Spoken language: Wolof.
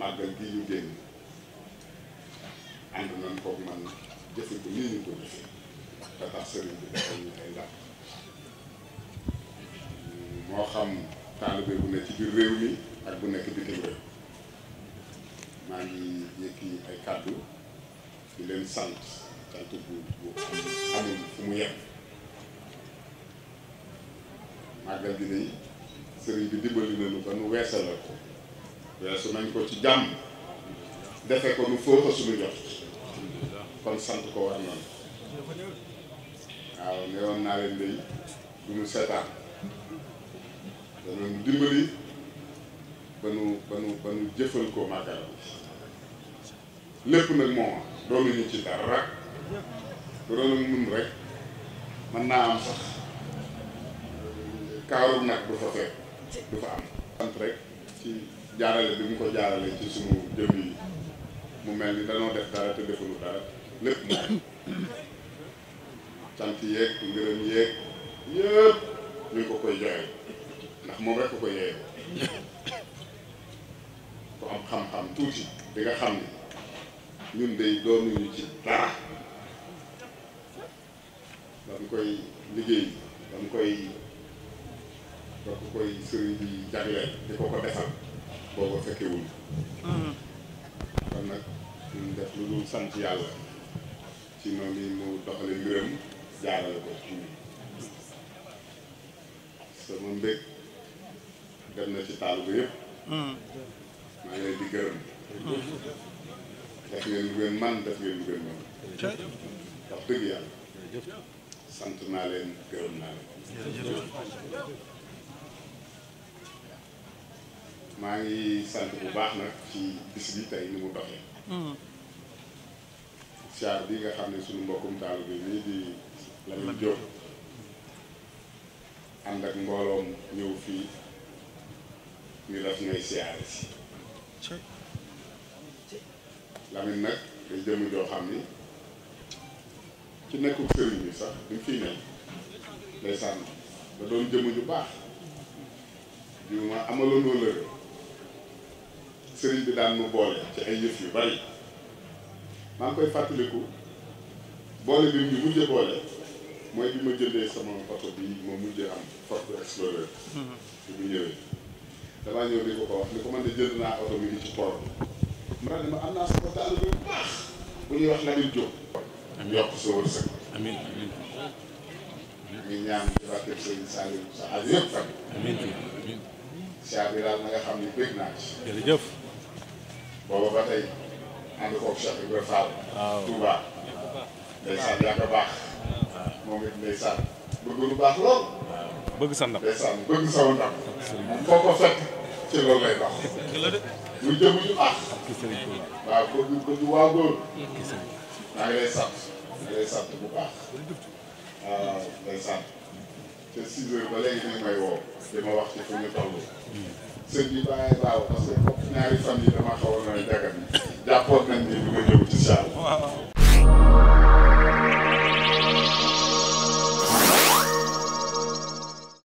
màggal gi ñu génn ànd nañ koog man jëfe ko nii ñu ko jëfe te tax sëriñ bi dafa ñu ay ndax moo xam taalibe bu nekk ci biir réew mi ak bu nekk bitim réew maa ngi yëkki ay kàddu di leen sant sant bu bu amul fu mu yem màggal gi day sëriñ bi dimbali nañu ba nu weesala ko weesu nañ ko ci jàmm defe ko lu suñu jot kon sant ko war noonu waaw ne naa leen day du ñu seetaan danañu dimbali ba nu ba nu ba nu jëfal ko màggal lépp nag moom doonu ñu ci dara bu doon mun rek mën naa am sax kaaru nag du fa fekk du fa am sant rek jaarale bi mu ko jaarale ci suñu jëmm mu mel ni danoo def dara te defuñu dara lépp moom sant yeeg ngërëm yeeg yëpp ñu ko koy joxe ndax moom rek ko koy yee ku am xam-xam tuuti di xam ni ñun day doonuñu ci dara dañ koy liggéey dañ koy da ko koy sëriñ bi jagleel ko ko defal booba fekkewuñ kon nag ñu def lu dul sant yàlla ci noonu mu doxale mbiram jaarale ko ci ñun sama mbég na ci taal bu yëpp maa di gërëm def ngeen lu ngeen man def ngeen lu ngeen man wax sant naa leen gërëm maa ngi sant bu baax nag ci bis bi tey ni mu doxee hmm. siyaar bi nga xam ne suñu mbokkum taal bi nii di Lamine Diop ànd ak mbooloom ñëw fii ñu daf ñooy siyaare si Lamine nag day jëm joo xam ni ci nekku sëriñ bi sax bi mu fii ne day sànn da doon jëm ju baax ju ma amaloon wëllëre sëriñ bi daan nu boole ci ay yëf yu bari maa ngi koy fàttaliku boole bi ñu mujjee boole mooy bi ma jëndee sama oto bi ma mujjee am Ford Explorer bi mu ñëwee damaa ñëw di mi ngi ci port bi ñuy wax Lamine sa wërsëg amiin amiin ñu ñaan ci barkeb sëriñ ni bëgg naa ci jërëjëf booba ba tey ànd koog Cheikh Ibrahima Fall. waaw Touba. ndeysaan yaa ko baax. moom it ndeysaan bëgg baax lool. bëgg sa ndam ndeysaan bëgg sa ndam. foo ko fekk ci loolu lay dox. lu jëm ju baax. waaw bëgg bëgg waa góor. maa ngi lay sant. maa ngi lay sant baax. te 6 heures ba léegi ñu woo di ma wax ci fu ñu toll. sëñ bi bàyyi daaw parce fan yi dama xaw a nooy jagat yi jàppoon nañ ni du ma ñëw ci saal.